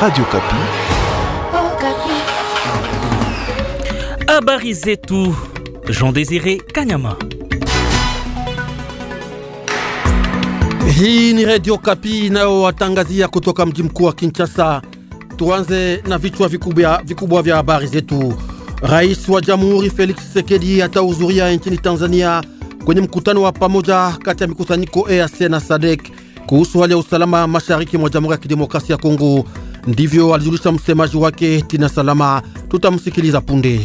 Radio Kapi. Habari zetu Jean Désiré Kanyama. Hii ni Radio Kapi atangazia kutoka mji mkuu wa Kinshasa. Tuanze na vichwa vikubwa, vikubwa vya habari zetu. Rais wa Jamhuri Felix Tshisekedi atahudhuria nchini Tanzania kwenye mkutano wa pamoja kati ya mikusanyiko EAC na SADC kuhusu hali ya usalama mashariki mwa Jamhuri ya Kidemokrasia ya Kongo. Ndivyo alijulisha msemaji wake Tina Salama. Tutamsikiliza punde.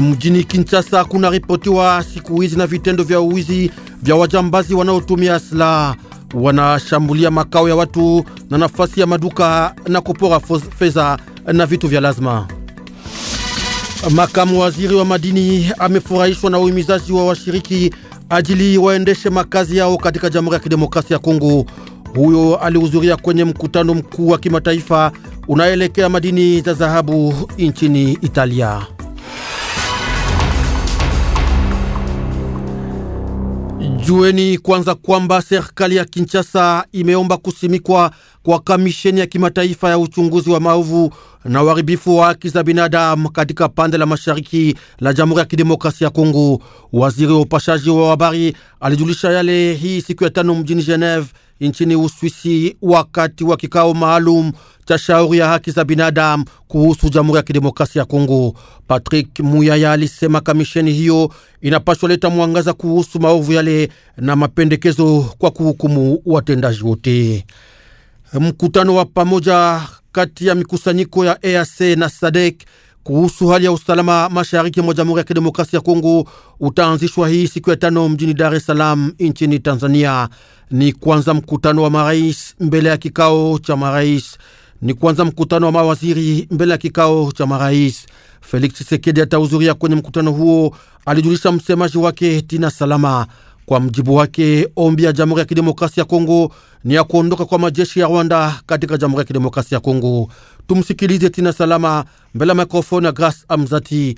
Mjini Kinshasa kuna ripotiwa siku hizi na vitendo vya uwizi vya wajambazi wanaotumia silaha, wanashambulia makao ya watu na nafasi ya maduka na kupora fedha na vitu vya lazima. Makamu waziri wa madini amefurahishwa na uhimizaji wa washiriki ajili waendeshe makazi yao katika Jamhuri ya Kidemokrasia ya Kongo. Huyo alihudhuria kwenye mkutano mkuu wa kimataifa unaelekea madini za dhahabu nchini Italia. Jueni kwanza kwamba serikali ya Kinshasa imeomba kusimikwa kwa kamisheni ya kimataifa ya uchunguzi wa maovu na uharibifu wa haki za binadamu katika pande la mashariki la Jamhuri ya Kidemokrasia ya Kongo. Waziri wa upashaji wa habari alijulisha yale hii siku ya tano mjini Geneve nchini Uswisi wakati wa kikao maalum cha shauri ya haki za binadamu kuhusu Jamhuri ya Kidemokrasia ya Kongo. Patrick Muyaya alisema kamisheni hiyo inapaswa leta mwangaza kuhusu maovu yale na mapendekezo kwa kuhukumu watendaji wote. Mkutano wa pamoja kati ya mikusanyiko ya EAC na SADEK kuhusu hali ya usalama mashariki mwa Jamhuri ya Kidemokrasia ya Kongo utaanzishwa hii siku ya tano mjini Dar es Salaam nchini Tanzania. Ni kwanza mkutano wa marais mbele ya kikao cha marais, ni kwanza mkutano wa mawaziri mbele ya kikao cha marais. Felix Chisekedi atahudhuria kwenye mkutano huo, alijulisha msemaji wake Tina Salama. Kwa mjibu wake, ombi ya Jamhuri ya Kidemokrasia ya Kongo ni ya kuondoka kwa majeshi ya Rwanda katika Jamhuri ya Kidemokrasia ya Kongo. Tumsikilize tena salama mbele ya mikrofoni ya Grace Amzati,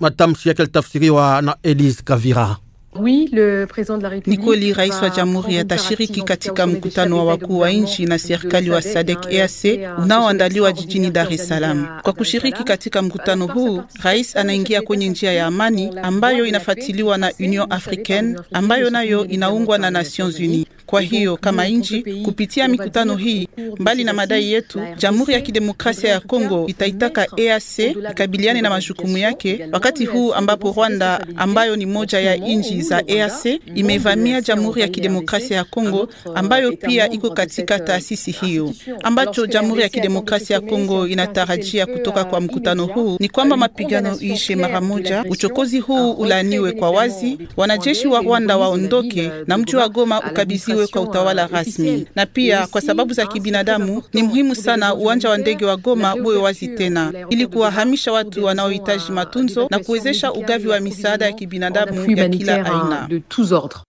matamshi yake alitafsiriwa na Elise Kavira. Oui, le président de la République. Nikoli rais wa jamhuri atashiriki katika mkutano wa wakuu wa nchi na serikali wa SADC EAC unaoandaliwa jijini Dar es Salaam. Kwa kushiriki katika mkutano huu, rais anaingia kwenye njia ya amani ambayo inafuatiliwa na Union Africaine ambayo nayo inaungwa na Nations Unies. Kwa hiyo kama nchi, kupitia mikutano hii, mbali na madai yetu, Jamhuri ya Kidemokrasia ya Kongo itaitaka EAC ikabiliane na majukumu yake wakati huu ambapo Rwanda ambayo ni moja ya nchi za EAC imevamia Jamhuri ya Kidemokrasia ya Kongo ambayo pia iko katika taasisi hiyo. Ambacho Jamhuri ya Kidemokrasia ya Kongo inatarajia kutoka kwa mkutano huu ni kwamba mapigano iishe mara moja, uchokozi huu ah, ulaaniwe kwa wazi, wanajeshi wa Rwanda waondoke na mji wa Goma ukabidhiwe kwa utawala rasmi. Na pia kwa sababu za kibinadamu, ni muhimu sana uwanja wa ndege wa Goma uwe wazi tena, ili kuwahamisha watu wanaohitaji matunzo na kuwezesha ugavi wa misaada ya kibinadamu ya kila aina de tous ordres.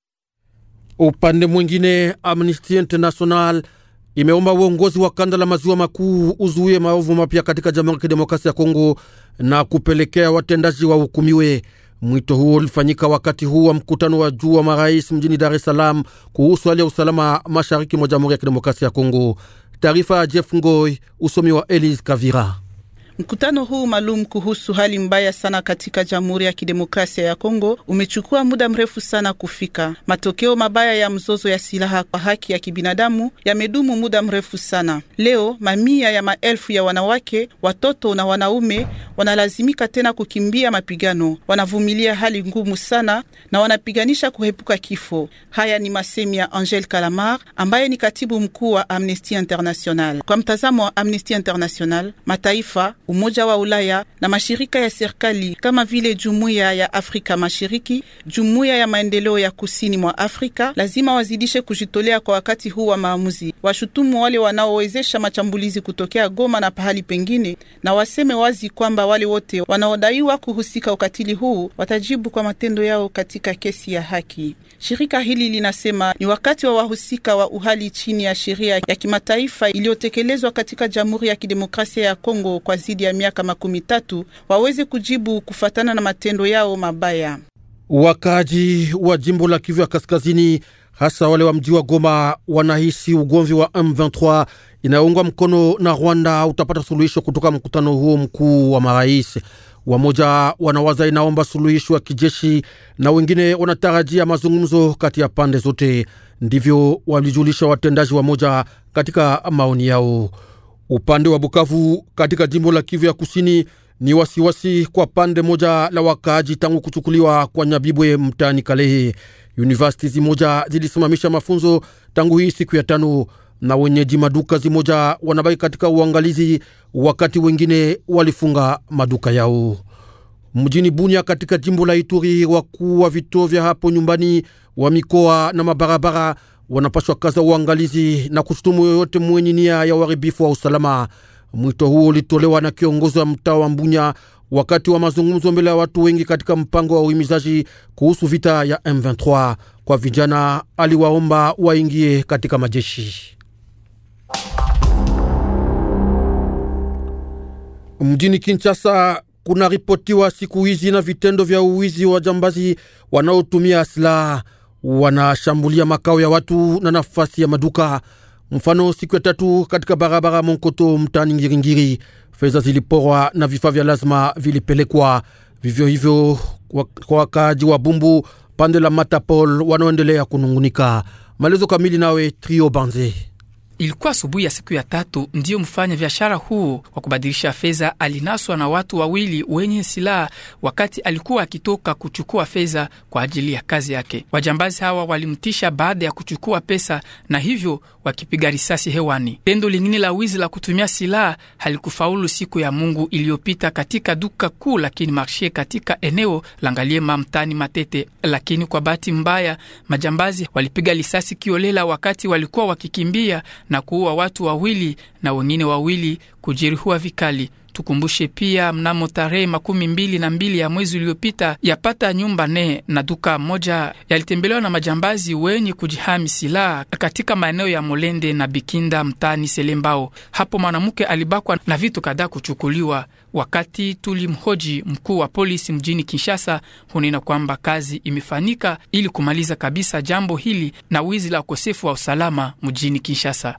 Upande mwingine, Amnesty International imeomba uongozi wa kanda la maziwa makuu uzuie maovu mapya katika Jamhuri ya Kidemokrasia ya Kongo na kupelekea watendaji wahukumiwe. Mwito huo ulifanyika wakati huu wa mkutano wa juu wa marais mjini Dar es Salaam kuhusu hali ya usalama mashariki mwa Jamhuri ya Kidemokrasia ya Kongo. Taarifa ya Jeff Ngoi, usomi wa Elise Kavira. Mkutano huu maalum kuhusu hali mbaya sana katika Jamhuri ya Kidemokrasia ya Kongo umechukua muda mrefu sana kufika. Matokeo mabaya ya mzozo ya silaha kwa haki ya kibinadamu yamedumu muda mrefu sana. Leo mamia ya maelfu ya wanawake, watoto na wanaume wanalazimika tena kukimbia mapigano, wanavumilia hali ngumu sana na wanapiganisha kuhepuka kifo. Haya ni masemi ya Angel Kalamar ambaye ni katibu mkuu wa Amnesty International. Kwa mtazamo wa Amnesty International, mataifa Umoja wa Ulaya na mashirika ya serikali kama vile Jumuiya ya Afrika Mashariki, Jumuiya ya Maendeleo ya Kusini mwa Afrika lazima wazidishe kujitolea kwa wakati huu wa maamuzi, washutumu wale wanaowezesha machambulizi kutokea Goma na pahali pengine, na waseme wazi kwamba wale wote wanaodaiwa kuhusika ukatili huu watajibu kwa matendo yao katika kesi ya haki. Shirika hili linasema ni wakati wa wahusika wa uhali chini ya sheria ya kimataifa iliyotekelezwa katika Jamhuri ya Kidemokrasia ya Kongo kwa zaidi ya miaka makumi tatu waweze kujibu kufatana na matendo yao mabaya. Wakaaji wa jimbo la Kivu ya Kaskazini, hasa wale wa mji wa Goma, wanahisi ugomvi wa M23 inayoungwa mkono na Rwanda utapata suluhisho kutoka mkutano huo mkuu wa marais. Wamoja wanawaza inaomba suluhisho ya kijeshi na wengine wanatarajia mazungumzo kati ya pande zote. Ndivyo walijulisha watendaji wamoja katika maoni yao. Upande wa Bukavu katika jimbo la Kivu ya Kusini ni wasiwasi wasi kwa pande moja la wakaaji tangu kuchukuliwa kwa Nyabibwe mtaani Kalehe. Universiti moja zilisimamisha mafunzo tangu hii siku ya tano na wenyeji maduka zimoja wanabaki katika uangalizi, wakati wengine walifunga maduka yao. Mjini Bunia katika jimbo la Ituri, wakuu wa vituo vya hapo nyumbani wa mikoa na mabarabara wanapaswa kaza uangalizi na kushutumu yoyote mwenye nia ya uharibifu wa usalama. Mwito huo ulitolewa na kiongozi wa mtaa wa Mbunya wakati wa mazungumzo mbele ya watu wengi katika mpango wa uhimizaji kuhusu vita ya M23 kwa vijana. Aliwaomba waingie katika majeshi. Mjini Kinshasa kunaripotiwa siku hizi na vitendo vya uwizi wa jambazi wanaotumia silaha, wanashambulia makao ya watu na nafasi ya maduka. Mfano, siku ya tatu katika barabara Monkoto mtaani Ngiringiri, fedha ziliporwa na vifaa vya lazima vilipelekwa. Vivyo hivyo kwa wakaaji wa Bumbu pande la Matapol wanaoendelea kunungunika. Maelezo kamili nawe Trio Banze. Ilikuwa asubuhi ya siku ya tatu ndiyo mfanya biashara huo wa kubadilisha fedha alinaswa na watu wawili wenye silaha wakati alikuwa akitoka kuchukua fedha kwa ajili ya kazi yake. Wajambazi hawa walimtisha baada ya kuchukua pesa na hivyo wakipiga risasi hewani. Tendo lingine la wizi la kutumia silaha halikufaulu siku ya Mungu iliyopita katika duka kuu lakini Marshe katika eneo la Ngaliema mtani Matete, lakini kwa bahati mbaya majambazi walipiga risasi kiolela wakati walikuwa wakikimbia na kuua watu wawili na wengine wawili kujeruhiwa vikali. Tukumbushe pia mnamo tarehe makumi mbili na mbili ya mwezi uliopita, yapata nyumba nne na duka moja yalitembelewa na majambazi wenye kujihami silaha katika maeneo ya Molende na Bikinda mtaani Selembao. Hapo mwanamke alibakwa na vitu kadhaa kuchukuliwa. Wakati tulimhoji mkuu wa polisi mjini Kinshasa, hunena kwamba kazi imefanyika ili kumaliza kabisa jambo hili na wizi la ukosefu wa usalama mjini Kinshasa.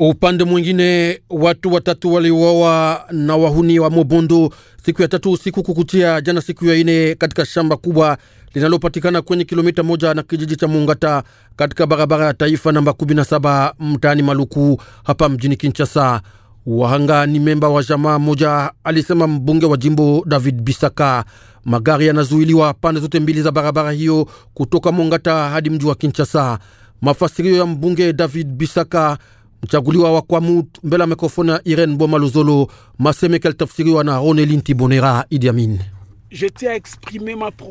Upande mwingine watu watatu waliuawa na wahuni wa Mobondo siku ya tatu usiku kukutia jana siku ya ine katika shamba kubwa linalopatikana kwenye kilomita moja na kijiji cha Mungata katika barabara ya taifa namba 17 mtaani Maluku hapa mjini Kinshasa. Wahanga ni memba wa jamaa moja, alisema mbunge wa jimbo David Bisaka. Magari yanazuiliwa pande zote mbili za barabara hiyo kutoka Mongata hadi mji wa Kinshasa. Mafasirio ya mbunge David Bisaka Mchaguliwa wa Kwamut mbele ya mikrofoni ya Irene Boma Luzolo, masemeka alitafsiriwa na ronelinti bonera Idi Amin.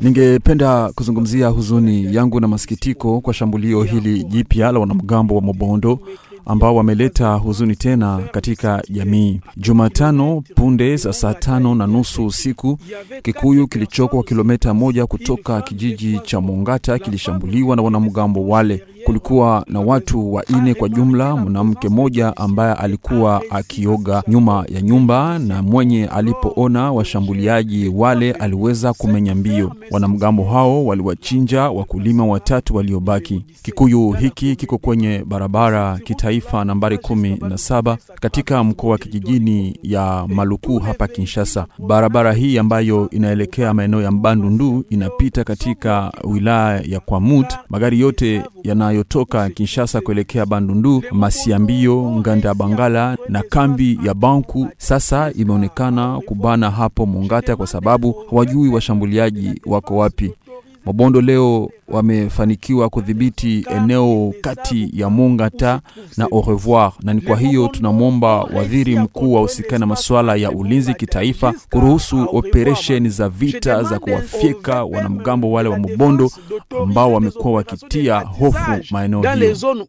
Ningependa kuzungumzia huzuni yangu na masikitiko kwa shambulio hili jipya la wanamgambo wa Mobondo ambao wameleta huzuni tena katika jamii. Jumatano punde za saa tano na nusu usiku, kikuyu kilichoko kilomita moja kutoka kijiji cha Mongata kilishambuliwa na wanamgambo wale kulikuwa na watu wanne kwa jumla, mwanamke mmoja ambaye alikuwa akioga nyuma ya nyumba, na mwenye alipoona washambuliaji wale aliweza kumenya mbio. Wanamgambo hao waliwachinja wakulima watatu waliobaki. Kikuyu hiki kiko kwenye barabara kitaifa nambari kumi na saba katika mkoa wa kijijini ya Maluku hapa Kinshasa. Barabara hii ambayo inaelekea maeneo ya Mbandundu inapita katika wilaya ya Kwamut. Magari yote yanayo inayotoka Kinshasa kuelekea Bandundu, Masiambio, Nganda Bangala na kambi ya Banku sasa imeonekana kubana hapo Mongata kwa sababu hawajui washambuliaji wako wapi. Mabondo leo wamefanikiwa kudhibiti eneo kati ya Mungata na Au Revoir, na ni kwa hiyo tunamwomba waziri mkuu ahusikae na masuala ya ulinzi kitaifa kuruhusu operesheni za vita za kuwafyeka wanamgambo wale wa Mobondo ambao wamekuwa wakitia hofu maeneo hiyo.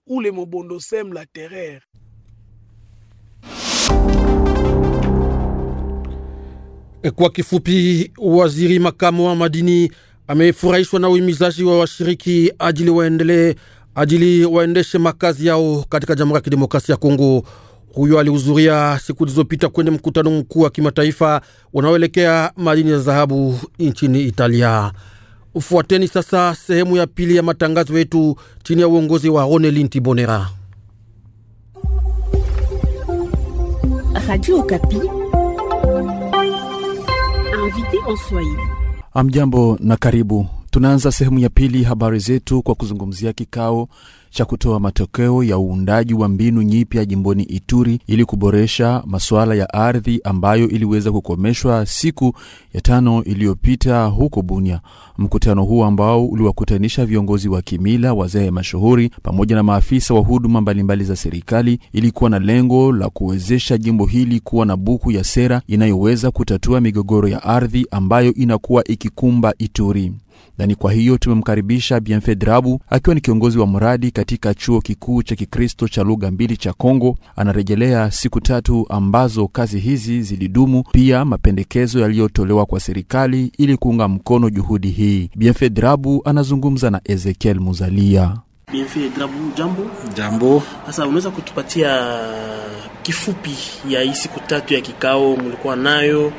Kwa kifupi, waziri makamu wa madini amefurahishwa na uhimizaji wa washiriki ajili waendelee ajili waendeshe makazi yao katika Jamhuri ya Kidemokrasia ya Kongo. Huyo alihudhuria siku zilizopita kwenye mkutano mkuu wa kimataifa unaoelekea madini ya dhahabu nchini Italia. Fuateni sasa sehemu ya pili ya matangazo yetu chini ya uongozi wa Ronelin Tibonera. Radio Okapi invité en Swahili Amjambo na karibu. Tunaanza sehemu ya pili habari zetu kwa kuzungumzia kikao cha kutoa matokeo ya uundaji wa mbinu nyipya jimboni Ituri ili kuboresha masuala ya ardhi ambayo iliweza kukomeshwa siku ya tano iliyopita huko Bunia. Mkutano huu ambao uliwakutanisha viongozi wa kimila, wazee mashuhuri, pamoja na maafisa wa huduma mbalimbali za serikali, ilikuwa na lengo la kuwezesha jimbo hili kuwa na buku ya sera inayoweza kutatua migogoro ya ardhi ambayo inakuwa ikikumba Ituri. Nani, kwa hiyo tumemkaribisha Bienfait Drabu akiwa ni kiongozi wa mradi katika chuo kikuu cha Kikristo cha lugha mbili cha Kongo. Anarejelea siku tatu ambazo kazi hizi zilidumu, pia mapendekezo yaliyotolewa kwa serikali ili kuunga mkono juhudi hii. Bienfait Drabu anazungumza na Ezekiel Muzalia. Bienfait Drabu, jambo. Jambo. Sasa unaweza kutupatia kifupi ya hii siku tatu ya kikao mlikuwa nayo?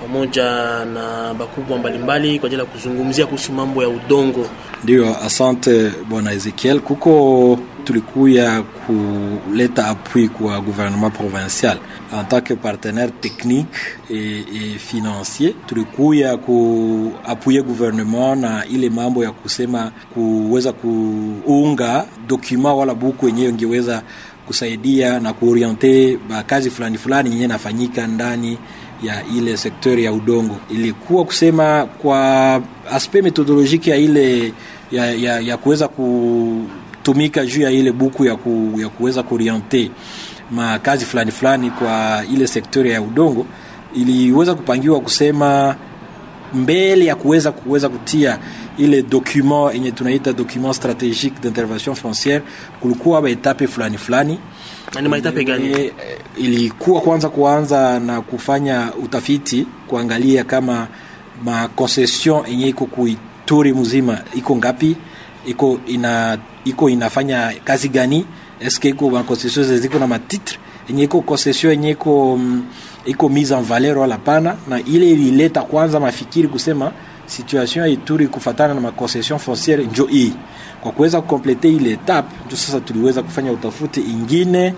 pamoja na bakubwa mbalimbali kwa ajili ya kuzungumzia kuhusu mambo ya udongo. Ndio, asante bwana Ezekiel. Kuko tulikuya kuleta appui kwa gouvernement provincial en tant que partenaire technique et, et financier. Tulikuya kuapuye gouvernement na ile mambo ya kusema kuweza kuunga document wala buku yenyewe ingeweza kusaidia na kuoriente bakazi fulani fulani yenyewe nafanyika ndani ya ile sektori ya udongo ilikuwa kusema kwa aspect metodolojiki ya ile ya, ya, ya kuweza kutumika juu ya ile buku ya, ku, ya kuweza kuoriente makazi fulani fulani kwa ile sektori ya udongo iliweza kupangiwa kusema mbele ya kuweza kuweza kutia ile document yenye tunaita document stratégique d'intervention foncière, kulikuwa baetape fulani fulani e, ilikuwa kwanza kuanza na kufanya utafiti kuangalia kama makonsesion yenye iko kuituri mzima iko ngapi, iko ina iko inafanya kazi gani? Eske iko makonsesion ziko na matitre yenye iko konsesion yenye iko mm, iko mise en valeur wala pana, na ile ilileta kwanza mafikiri kusema situation ya Ituri kufatana na makonsesion fonciere njo hii kwa kuweza kukomplete ile etape, ndio sasa tuliweza kufanya utafuti ingine,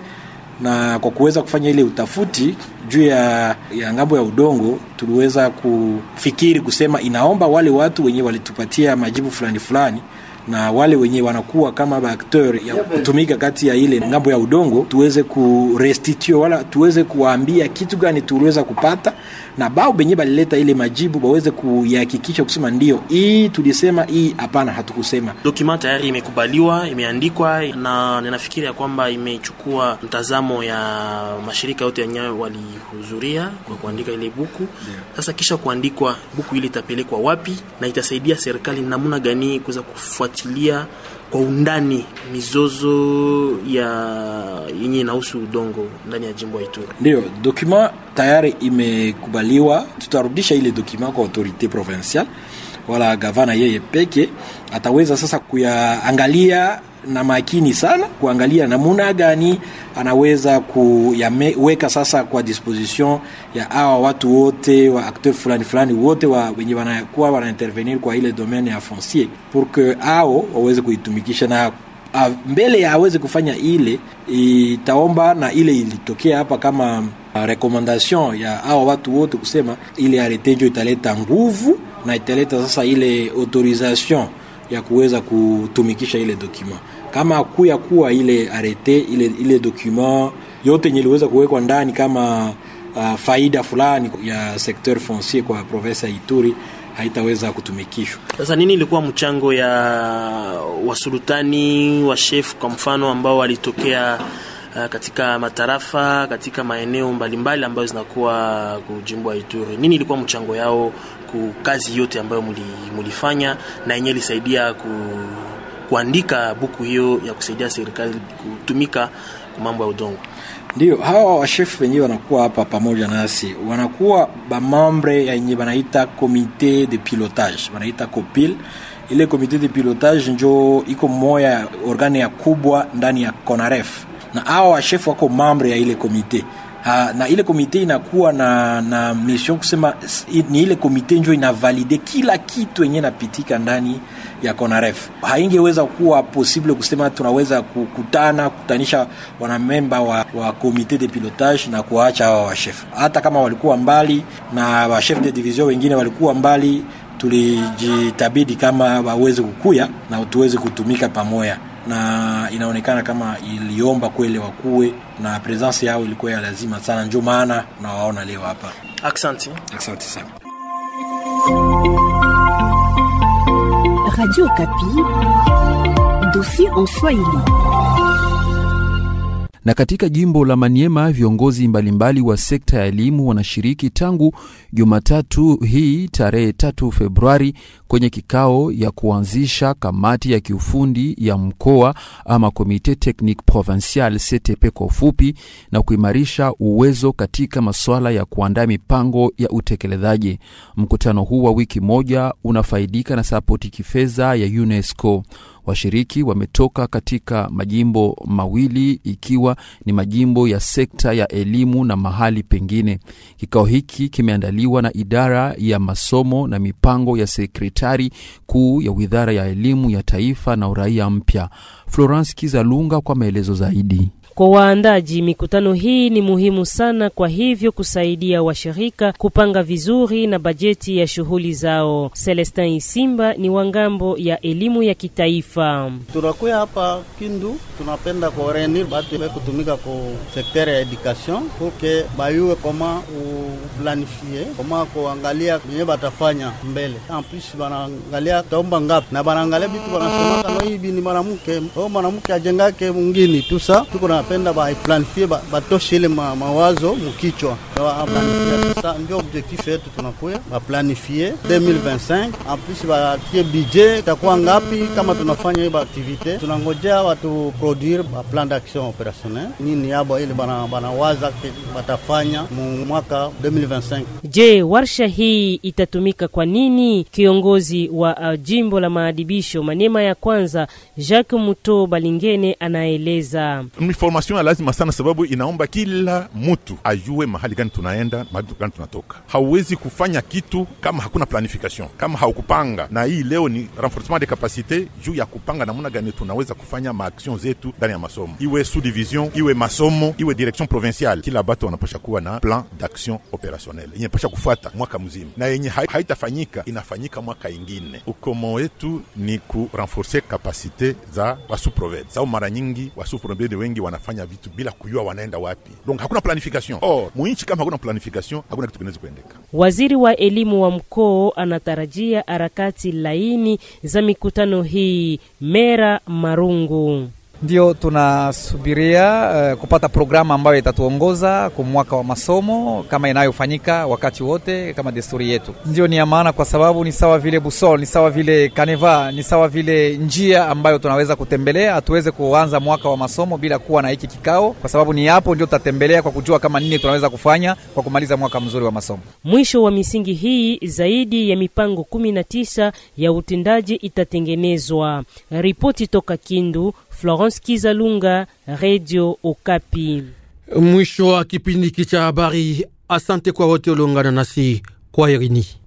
na kwa kuweza kufanya ile utafuti juu ya, ya ngambo ya udongo tuliweza kufikiri kusema inaomba wale watu wenye walitupatia majibu fulani fulani na wale wenye wanakuwa kama baakteur ya kutumika kati ya ile ngambo ya udongo, tuweze kurestitue wala tuweze kuwaambia kitu gani tuliweza kupata, na bao benye balileta ile majibu baweze kuyahakikisha kusema ndio hii tulisema, hii hapana, hatukusema. Dokima tayari imekubaliwa, imeandikwa, na ninafikiri ya kwamba imechukua mtazamo ya mashirika yote yenyewe walihudhuria kwa kuandika ile buku yeah. Sasa kisha kuandikwa buku ile itapelekwa wapi na itasaidia serikali namna gani kuweza kufuata kufuatilia kwa undani mizozo ya yenye inahusu udongo ndani ya jimbo ya Ituri. Ndio, dokima tayari imekubaliwa, tutarudisha ile dokima kwa autorite provinciale, wala gavana yeye peke ataweza sasa kuyaangalia na makini sana kuangalia namuna gani anaweza kuweka sasa kwa disposition ya awa watu wote wa akteur fulani fulani wote wa wenye wanakuwa wanaintervenir kwa ile domaine ya foncier pour que hao waweze kuitumikisha na a, mbele ya aweze kufanya ile itaomba na ile ilitokea hapa kama recommandation ya awa watu wote kusema ile aretenjo italeta nguvu na italeta sasa ile autorisation ya kuweza kutumikisha ile document kama kuya kuwa ile arete ile, ile document yote yenye iliweza kuwekwa ndani kama uh, faida fulani ya secteur foncier kwa province ya Ituri haitaweza kutumikishwa. Sasa nini ilikuwa mchango ya wasultani wa chef kwa mfano ambao walitokea uh, katika matarafa katika maeneo mbalimbali ambayo zinakuwa kujimbwa Ituri? Nini ilikuwa mchango yao kazi yote ambayo mulifanya na yenyewe ilisaidia ku, kuandika buku hiyo ya kusaidia serikali kutumika mambo ya udongo. Ndio hawa washefu wenyewe wanakuwa hapa pamoja nasi, wanakuwa bamambre yenye wanaita comité de pilotage, wanaita COPIL. Ile comité de pilotage njo iko moya organe ya kubwa ndani ya CONAREF, na hawa washefu wako mambre ya ile komité ha, ah, na ile komite inakuwa na, na mission kusema ni ile komite njo inavalide kila kitu yenye napitika ndani ya Konaref. Haingeweza kuwa posible kusema tunaweza kukutana kukutanisha wanamemba wa, wa komite de pilotage na kuwaacha hawa washef, hata kama walikuwa mbali na washef de division wengine walikuwa mbali, tulijitabidi kama waweze kukuya na tuweze kutumika pamoja na inaonekana kama iliomba kweli wakuwe na presence yao ilikuwa ya lazima sana, ndio maana nawaona leo hapa. Asante, asante sana. Radio Kapi, dossier en Swahili. Na katika jimbo la Maniema viongozi mbalimbali wa sekta ya elimu wanashiriki tangu Jumatatu hii tarehe 3 Februari kwenye kikao ya kuanzisha kamati ya kiufundi ya mkoa ama Comite Technique Provincial CTP kwa ufupi, na kuimarisha uwezo katika masuala ya kuandaa mipango ya utekelezaji. Mkutano huu wa wiki moja unafaidika na sapoti kifedha ya UNESCO. Washiriki wametoka katika majimbo mawili ikiwa ni majimbo ya sekta ya elimu na mahali pengine. Kikao hiki kimeandaliwa na idara ya masomo na mipango ya sekretari kuu ya Wizara ya Elimu ya Taifa na Uraia Mpya. Florence Kizalunga kwa maelezo zaidi. Kwa waandaji, mikutano hii ni muhimu sana, kwa hivyo kusaidia washirika kupanga vizuri na bajeti ya shughuli zao. Celestin Isimba ni wa ngambo ya elimu ya kitaifa. Tunakuya hapa Kindu, tunapenda kurenir batu kutumika ku sekter ya education puke bayuwe koma uplanifie koma kuangalia enye batafanya mbele amplis, banaangalia taomba ngapi na banaangalia bitu banasemaka no mwanamke o mwanamke ajengake mungini tusa tuko na napenda baiplanifie batoshe ile ma, mawazo mukichwa sasa, ndio objectif yetu tunakuya baplanifie 2025 amplis batie budget takuwa ngapi kama tunafanya hiyo activité. Tunangojea watu produire ba plan d'action opérationnel nini yabo ile bana banawaza batafanya mu mwaka 2025. Je, warsha hii itatumika kwa nini? Kiongozi wa uh, jimbo la maadibisho manema ya kwanza Jacques Muto Balingene anaeleza Mifo information ya lazima sana, sababu inaomba kila mtu ajue mahali gani tunaenda, mahali gani tunatoka. Hauwezi kufanya kitu kama hakuna planification, kama haukupanga. Na hii leo ni renforcement de capacité juu ya kupanga namna gani tunaweza kufanya maaction zetu ndani ya masomo, iwe sous-division, iwe masomo, iwe direction provinciale. Kila bato wanapasha kuwa na plan d'action opérationnelle yenye pasha kufuata mwaka mzima, na yenye haitafanyika inafanyika mwaka ingine. Ukomo wetu ni ku renforcer capacité za wasu province, sababu mara nyingi wasu province wengi wana wanafanya vitu bila kujua wanaenda wapi, donc hakuna planification. Oh, muinchi kama hakuna planification, hakuna kitu kinaweza kuendeka. Waziri wa elimu wa mkoo anatarajia harakati laini za mikutano hii. Mera Marungu ndio tunasubiria uh, kupata programu ambayo itatuongoza kwa mwaka wa masomo kama inayofanyika wakati wote kama desturi yetu. Ndio ni ya maana kwa sababu ni sawa vile busol, ni sawa vile kaneva, ni sawa vile njia ambayo tunaweza kutembelea. Hatuweze kuanza mwaka wa masomo bila kuwa na hiki kikao, kwa sababu ni hapo ndio tutatembelea kwa kujua kama nini tunaweza kufanya kwa kumaliza mwaka mzuri wa masomo. Mwisho wa misingi hii, zaidi ya mipango 19 ya utendaji itatengenezwa. Ripoti toka Kindu. Florence Kizalunga, Radio Okapi. Mwisho wa kipindi hiki cha habari. Asante kwa wote uliungana nasi kwa herini.